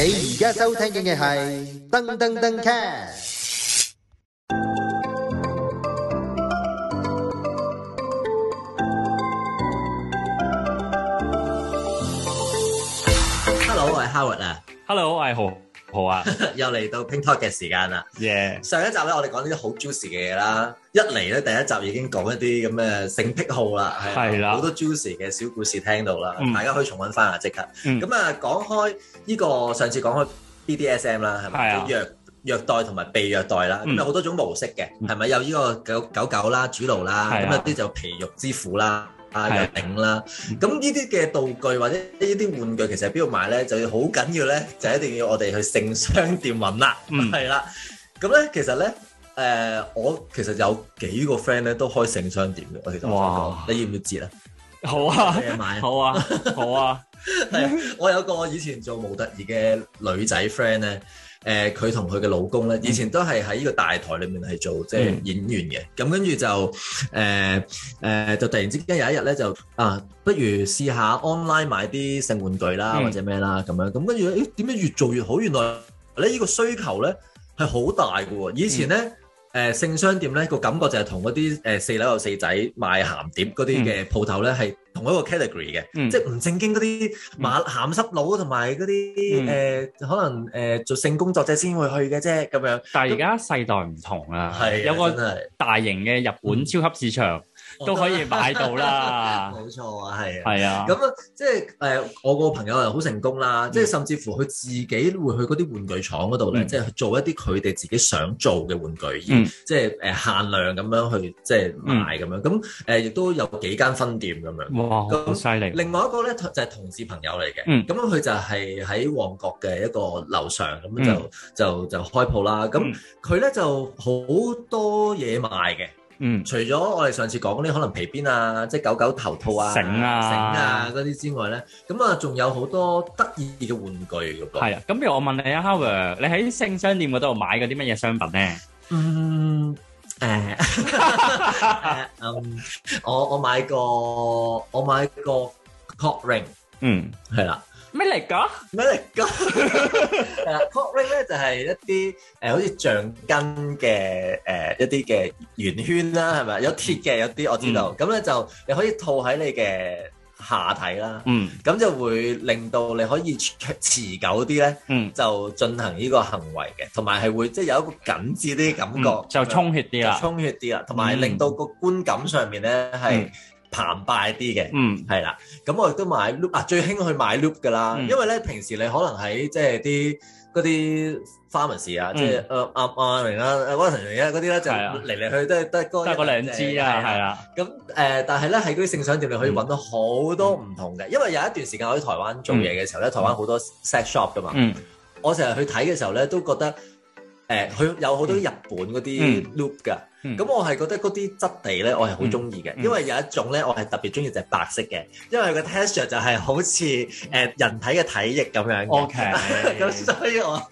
你而家收聽緊嘅係噔噔噔 cast。Hello，我係 Howard 啊。Hello，我係何。好啊，又嚟到 Ping Talk 嘅時間啦。耶！上一集咧，我哋講啲好 juicy 嘅嘢啦。一嚟咧，第一集已經講一啲咁嘅性癖好啦，係啦，好多 juicy 嘅小故事聽到啦。大家可以重溫翻下即刻。咁啊，講開呢個上次講開 BDSM 啦，係咪？虐虐待同埋被虐待啦，咁有好多種模式嘅，係咪？有呢個狗狗啦，主奴啦，咁有啲就皮肉之苦啦。啊，又頂啦！咁呢啲嘅道具或者呢啲玩具，其實喺邊度買咧，就要好緊要咧，就一定要我哋去性商店搵啦。嗯，係啦。咁咧，其實咧，誒，我其實有幾個 friend 咧都開性商店嘅，我哋就講，哇 你要唔要知咧？好啊，買、啊，好啊，好啊，係啊， 我有個以前做模特兒嘅女仔 friend 咧。誒佢同佢嘅老公咧，以前都係喺呢個大台裏面係做即係、就是、演員嘅，咁跟住就誒誒、呃呃，就突然之間有一日咧就啊，不如試下 online 買啲性玩具啦，嗯、或者咩啦咁樣，咁跟住點解越做越好？原來咧呢個需求咧係好大㗎喎，以前咧誒、嗯呃、性商店咧個感覺就係同嗰啲誒四樓有四仔賣鹹碟嗰啲嘅鋪頭咧係。嗯同一個 category 嘅，即係唔正經嗰啲麻鹹濕佬同埋嗰啲誒，可能誒做性工作者先會去嘅啫，咁樣。但係而家世代唔同啦，有個大型嘅日本超級市場都可以買到啦。冇錯啊，係。係啊，咁即係誒，我個朋友又好成功啦，即係甚至乎佢自己會去嗰啲玩具廠嗰度咧，即係做一啲佢哋自己想做嘅玩具，即係誒限量咁樣去即係賣咁樣。咁誒亦都有幾間分店咁樣。哇，好犀利！另外一個咧，就係、是、同事朋友嚟嘅，咁樣佢就係喺旺角嘅一個樓上，咁就、嗯、就就開鋪啦。咁佢咧就好多嘢賣嘅，嗯，嗯除咗我哋上次講嗰啲可能皮鞭啊，即、就、係、是、狗狗頭套啊、繩啊、繩啊嗰啲之外咧，咁啊仲有好多得意嘅玩具嘅噃。係啊，咁譬如我問你啊，Howard，你喺性商店嗰度買嗰啲乜嘢商品咧？嗯。誒誒，嗯，我我買個我買個鈕 ring，、uh, uh, right? 嗯，係啦，咩嚟㗎？咩嚟㗎？係啦，鈕 ring 咧就係一啲誒好似橡筋嘅誒一啲嘅圓圈啦，係咪？有鐵嘅有啲我知道，咁咧、嗯、就你可以套喺你嘅。下體啦，咁、嗯、就會令到你可以持久啲咧，嗯、就進行呢個行為嘅，同埋係會即係有一個緊緻啲感覺，嗯、就充血啲啦，充血啲啦，同埋、嗯、令到個觀感上面咧係、嗯、澎湃啲嘅，係啦、嗯，咁我亦都買 loop 啊，最興去買 loop 㗎啦，嗯、因為咧平時你可能喺即係啲。嗰啲 farmers 啊，即係阿阿阿玲啊，阿溫婷啊嗰啲咧，就嚟嚟去都係得嗰得嗰兩支啊，係啊，咁誒，但係咧喺嗰啲性商店你可以揾到好多唔同嘅，因為有一段時間我喺台灣做嘢嘅時候咧，台灣好多 sex shop 㗎嘛，我成日去睇嘅時候咧都覺得。誒，佢、呃、有好多日本嗰啲 loop 噶，咁、嗯、我係覺得嗰啲質地咧，我係好中意嘅，因為有一種咧，我係特別中意就係白色嘅，因為個 texture 就係好似誒人體嘅體液咁樣 OK，咁 所以我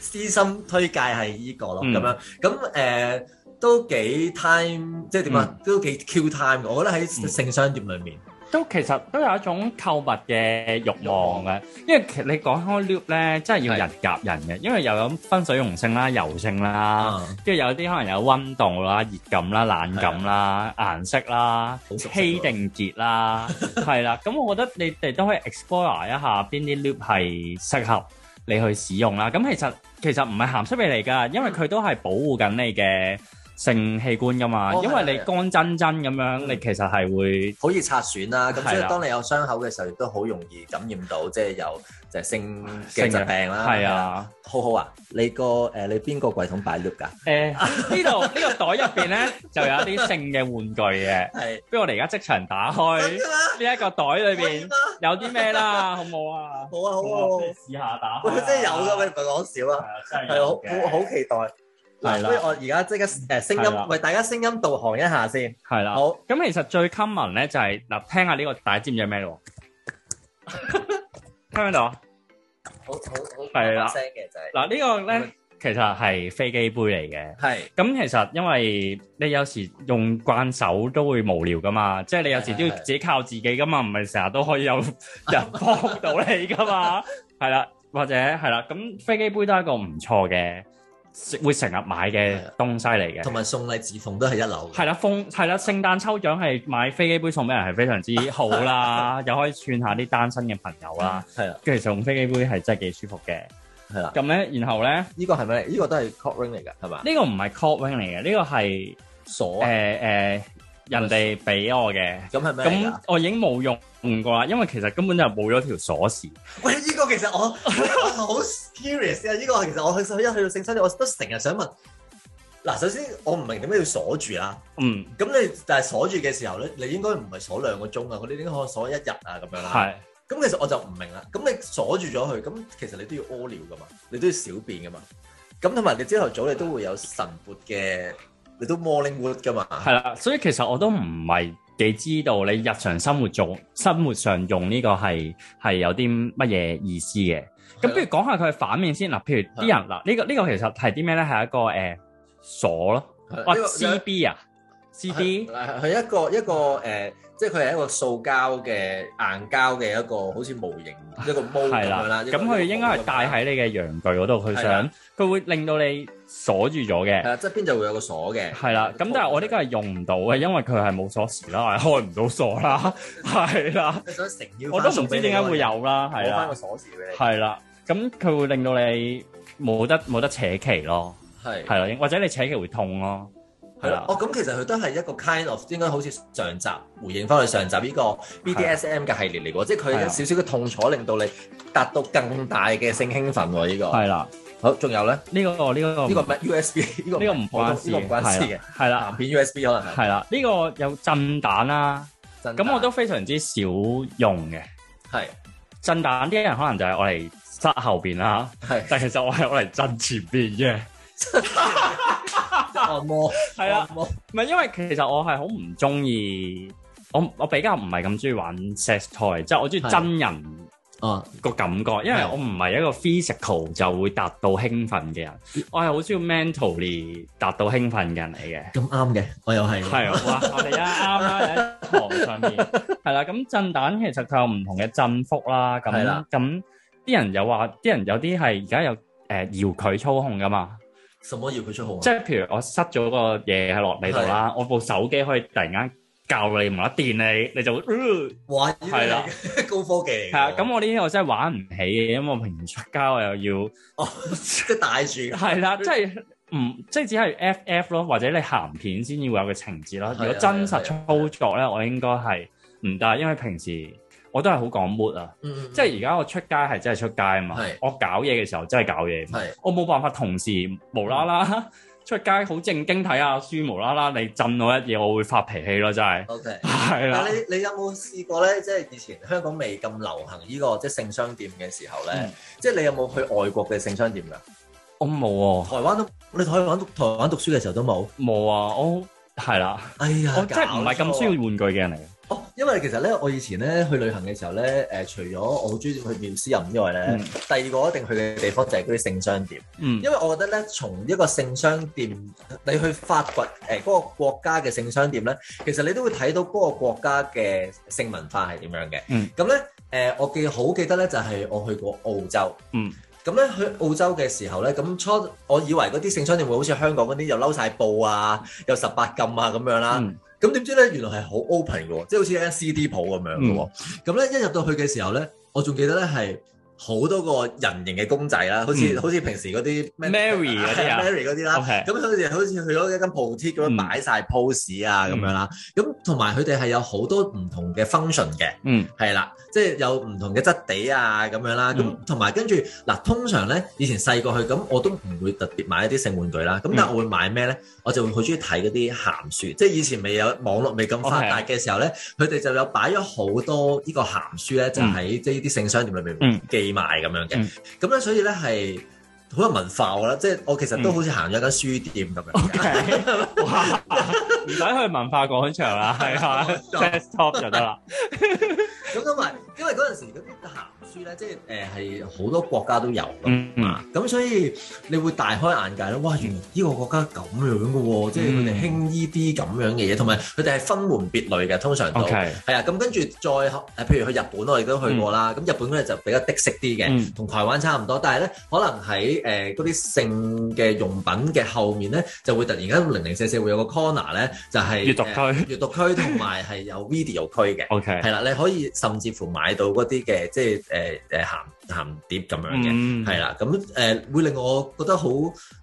私心推介係依、這個咯，咁、嗯、樣，咁誒、呃、都幾 time，即係點啊？嗯、都幾 Q time，我覺得喺性商店裏面，嗯都其實都有一種購物嘅欲望嘅，因為其實你講開 loop 咧，真係要人夾人嘅，的因為又有分水溶性啦、油性啦，跟住、uh. 有啲可能有溫度啦、熱感啦、冷感啦、顏的色啦、稀定結啦，係啦。 咁我覺得你哋都可以 explore 一下邊啲 loop 係適合你去使用啦。咁其實其實唔係鹹濕味嚟㗎，因為佢都係保護緊你嘅。性器官㗎嘛，因為你乾真真咁樣，你其實係會好易擦損啦。咁所以當你有傷口嘅時候，亦都好容易感染到，即係有就係性嘅疾病啦。係啊，好好啊！你個誒你邊個櫃桶擺 loop 㗎？誒呢度呢個袋入邊咧，就有一啲性嘅玩具嘅。係，不如我哋而家即場打開呢一個袋裏邊有啲咩啦？好唔好啊？好啊好啊！試下打開。真係有㗎咩？唔係講笑啊！係啊，真係有嘅。係，我好期待。係啦，所以我而家即刻誒聲音，為大家聲音導航一下先。係啦，好咁，其實最 common 咧就係嗱，聽下呢個，大家知唔知係咩咯？聽唔聽到？好，好，好，係啦。嗱，呢個咧其實係飛機杯嚟嘅。係。咁其實因為你有時用慣手都會無聊噶嘛，即係你有時都要自己靠自己噶嘛，唔係成日都可以有人幫到你噶嘛。係啦，或者係啦，咁飛機杯都係一個唔錯嘅。會成日買嘅東西嚟嘅，同埋送禮自奉都係一流。係啦，封，係啦，聖誕抽獎係買飛機杯送俾人係非常之好啦，又 可以串下啲單身嘅朋友啦。係啦， 其實用飛機杯係真係幾舒服嘅。係啦的，咁咧，然後咧，呢個係咪？呢、這個都係 Cobring 嚟嘅，係嘛？呢個唔係 Cobring 嚟嘅，呢、這個係鎖。誒誒、啊。呃呃人哋俾我嘅，咁係咩嚟噶？咁我已經冇用過啦，因為其實根本就冇咗條鎖匙。喂，呢個其實我好 serious 啊！呢個係其實我一去到性生理，我都成日想問。嗱，首先我唔明點解要鎖住啦。嗯，咁你但係鎖住嘅時候咧，你應該唔係鎖兩個鐘啊，嗰啲應該鎖一日啊咁樣啦。係。咁其實我就唔明啦。咁你鎖住咗佢，咁其實你都要屙尿噶嘛，你都要小便噶嘛。咁同埋你朝頭早你都會有晨勃嘅。你都 morning wood 噶嘛？係啦，所以其實我都唔係幾知道你日常生活中，生活上用呢個係係有啲乜嘢意思嘅。咁不如講下佢反面先，嗱，譬如啲人嗱，呢個呢個其實係啲咩咧？係一個誒鎖咯，呃這個、或 C B 啊。C.D. 係一個一個誒，即係佢係一個塑膠嘅硬膠嘅一個好似模型一個模咁樣啦。咁佢應該係戴喺你嘅陽具嗰度，佢想佢會令到你鎖住咗嘅。係啊，側邊就會有個鎖嘅。係啦，咁但係我呢個係用唔到嘅，因為佢係冇鎖匙啦，我係開唔到鎖啦，係啦。想成要我都唔知點解會有啦，係啦。攞翻個鎖匙俾你。係啦，咁佢會令到你冇得冇得扯旗咯，係係啦，或者你扯旗會痛咯。係啦，哦，咁其實佢都係一個 kind of 應該好似上集回應翻去上集呢個 BDSM 嘅系列嚟嘅喎，即係佢有少少嘅痛楚令到你達到更大嘅性興奮喎，呢個係啦。好，仲有咧？呢個呢個呢個 USB？呢個唔關事嘅，係啦，男片 USB 可能係啦。呢個有震蛋啦，咁我都非常之少用嘅。係震蛋啲人可能就係我嚟塞後邊啦，係，但其實我係我嚟震前邊嘅。係啦，唔係，啊、因為其實我係好唔中意，我我比較唔係咁中意玩 sex toy， 即係我中意真人誒個感覺，啊、因為我唔係一個 physical 就會達到興奮嘅人，我係好中意 mentally 達到興奮嘅人嚟嘅。咁啱嘅，我又係，係啊，我哋啊啱啦，喺 床上面係啦。咁、啊、震蛋其實佢有唔同嘅振幅啦、啊，咁咁啲人有話，啲人有啲係而家有誒搖佢操控噶嘛。什麼要佢出號，即係譬如我塞咗個嘢喺落你度啦，啊、我部手機可以突然間教你唔甩電你，你就會玩係啦，了是啊、 高科技嚟。啊，咁我呢啲我真係玩唔起嘅，因為我平時出街我又要哦，即係帶住。係啦、 啊，即係唔即係只係 FF 咯，或者你鹹片先至會有個情節咯。啊、如果真實操作咧，我應該係唔得，因為平時。我都係好講 mood 啊，即係而家我出街係真係出街啊嘛，是我搞嘢嘅時候真係搞嘢，是我冇辦法同時無啦啦出街好正經睇下、啊、書，無啦啦你震我一嘢，我會發脾氣咯，真係。O K，係啦。但你你有冇試過咧？即係以前香港未咁流行呢、這個即係、就是、性商店嘅時候咧，嗯、即係你有冇去外國嘅性商店㗎？我冇啊。台灣都你可以台灣讀書嘅時候都冇。冇啊，哦，係啦、啊。哎呀，我真係唔係咁需要玩具嘅人嚟。 因為其實咧，我以前咧去旅行嘅時候咧，誒、呃，除咗我好中意去廟思入，之外咧，嗯、第二個一定去嘅地方就係嗰啲性商店。嗯，因為我覺得咧，從一個性商店，你去發掘誒嗰、呃那個國家嘅性商店咧，其實你都會睇到嗰個國家嘅性文化係點樣嘅。嗯，咁咧，誒、呃，我記好記得咧，就係、是、我去過澳洲。嗯，咁咧去澳洲嘅時候咧，咁初我以為嗰啲性商店會好似香港嗰啲，又褸晒布啊，又十八禁啊，咁樣啦。嗯咁點知咧？原來係好 open 㗎喎，即係好似一啲 CD 鋪咁樣㗎喎。咁咧、嗯、一入到去嘅時候咧，我仲記得咧係。好多個人形嘅公仔啦，好似好似平時嗰啲咩 Mary 嗰啲啦，咁好似好似去咗一間鋪咁樣擺晒 pose 啊咁樣啦，咁同埋佢哋係有好多唔同嘅 function 嘅，嗯，係啦，即係有唔同嘅質地啊咁樣啦，咁同埋跟住嗱，通常咧以前細個去咁我都唔會特別買一啲性玩具啦，咁但係我會買咩咧？我就會好中意睇嗰啲鹹書，即係以前未有網絡未咁發達嘅時候咧，佢哋就有擺咗好多呢個鹹書咧，就喺即係呢啲性商店裏面寄。賣咁樣嘅，咁咧、嗯、所以咧係好有文化噶啦，即係我其實都好似行咗間書店咁樣，okay, 哇，唔使 去文化廣場啦，係 啊，desktop 就得啦。咁同埋，因為嗰陣時嗰啲行。即係誒，係、呃、好多國家都有咁啊，咁、嗯、所以你會大開眼界咯。哇，原來呢個國家咁樣嘅喎、哦，嗯、即係佢哋興依啲咁樣嘅嘢，同埋佢哋係分門別類嘅，通常都係 Okay. 啊。咁跟住再譬如去日本，我亦都去過啦。咁、嗯、日本咧就比較的色啲嘅，同、嗯、台灣差唔多。但係咧，可能喺誒嗰啲性嘅用品嘅後面咧，就會突然間零零舍舍會有個 corner 咧，就係、是、閲讀區、閲讀區，同埋係有 video 區嘅。OK，係啦、嗯，你可以甚至乎買到嗰啲嘅，即係誒。呃嗯誒誒鹹鹹碟咁樣嘅，係啦、嗯，咁誒、呃、會令我覺得好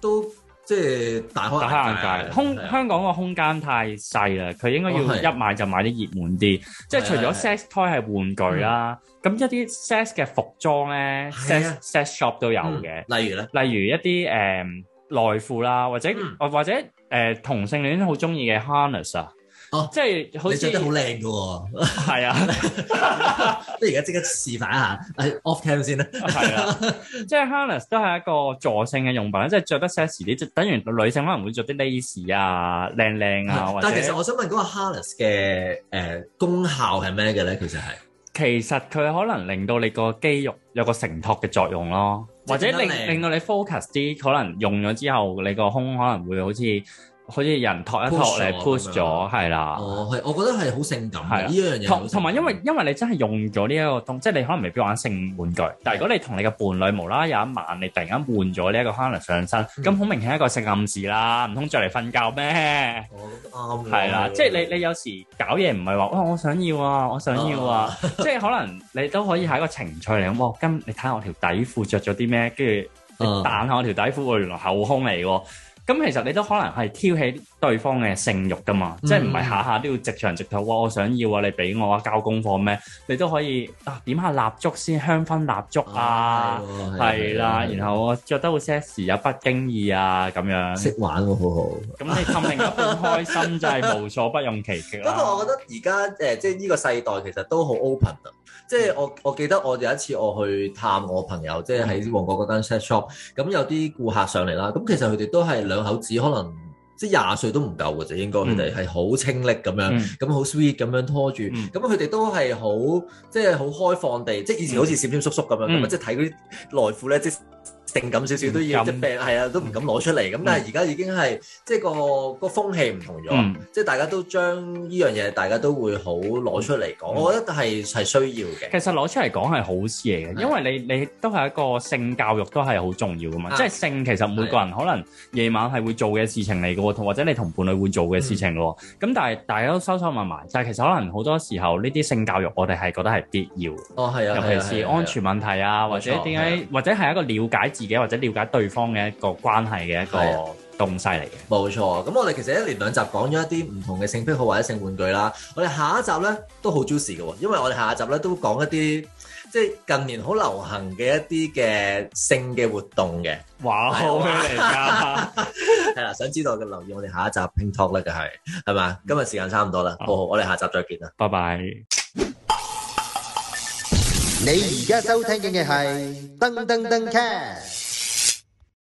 都即係大開眼界。空香港個空間太細啦，佢應該要一買就買啲熱門啲。哦、即係除咗 sex toy 係玩具啦，咁、嗯、一啲 sex 嘅服裝咧 sex sex shop 都有嘅。例如咧，例如一啲誒、呃、內褲啦，或者或、嗯、或者誒、呃、同性戀好中意嘅 harness 啊。Oh, 哦，即係好似你着得好靚嘅喎，係啊，即係而家即刻示範一下，off cam 先啦，係啊，即係 harness 都係一個助性嘅用品啦，即係着得 sexy 啲，即等於女性可能會着啲 lace 啊，靚靚啊， 者但係其實我想問嗰個 harness 嘅誒、呃、功效係咩嘅咧？其實係其實佢可能令到你個肌肉有個承托嘅作用咯，或者令令到你 focus 啲，可能用咗之後你個胸可能會好似。好似人托一托嚟 push 咗，係啦。哦，係，我覺得係好性感嘅。同同埋，因為因為你真係用咗呢一個動，即係你可能未必玩性玩具，但係如果你同你嘅伴侶無啦啦有一晚，你突然間換咗呢一個可能上身，咁好、嗯、明顯一個性暗示啦，唔通著嚟瞓覺咩？啱、哦。係啦，即係你你有時搞嘢唔係話，哇、哦！我想要啊，我想要啊，啊即係可能你都可以係一個情趣嚟。哇！咁、哦、你睇下我條底褲着咗啲咩？跟住你彈下我條底褲，原來後空嚟喎。咁、嗯、其實你都可能係挑起對方嘅性慾㗎嘛，即係唔係下下都要直腸直肚，我我想要啊，你俾我啊，交功課咩？你都可以啊，點下蠟燭先，香薰蠟燭啊，係啦、啊，啊啊啊啊啊、然後我着得好 sexy，又不經意啊咁樣，識玩喎好好。咁你氹另一半開心就係無所不用其極啦。不過我覺得而家誒即係呢個世代其實都好 open 即係我，我記得我有一次我去探我朋友，嗯、即係喺旺角嗰間 set sh shop，咁有啲顧客上嚟啦。咁其實佢哋都係兩口子，可能即係廿歲都唔夠嘅啫。應該佢哋係好清力咁樣，咁好 sweet 咁樣拖住。咁佢哋都係好，即係好開放地，嗯、即係以前好似閃閃縮縮咁樣。咁啊、嗯，即係睇嗰啲內褲咧，即定咁少少都要，即係病係啊，都唔敢攞出嚟咁。但係而家已經係即係個個風氣唔同咗，即係大家都將呢樣嘢，大家都會好攞出嚟講。我覺得係係需要嘅。其實攞出嚟講係好事嚟嘅，因為你你都係一個性教育都係好重要㗎嘛。即係性其實每個人可能夜晚係會做嘅事情嚟㗎喎，同或者你同伴侶會做嘅事情㗎喎。咁但係大家都收收埋埋。但係其實可能好多時候呢啲性教育我哋係覺得係必要。哦，係啊，尤其是安全問題啊，或者點解，或者係一個了解自自己或者了解對方嘅一個關係嘅一個東西嚟嘅，冇錯。咁我哋其實一連兩集講咗一啲唔同嘅性癖好或者性玩具啦。我哋下一集咧都好 juicy 嘅，因為我哋下一集咧都講一啲即係近年好流行嘅一啲嘅性嘅活動嘅，哇！好咩嚟㗎？係啦、啊 啊，想知道嘅留意我哋下一集拼 talk 咧，就係係咪？今日時間差唔多啦，好，好，好我哋下集再見啊，拜拜。你而家收聽嘅係噔噔噔 cat。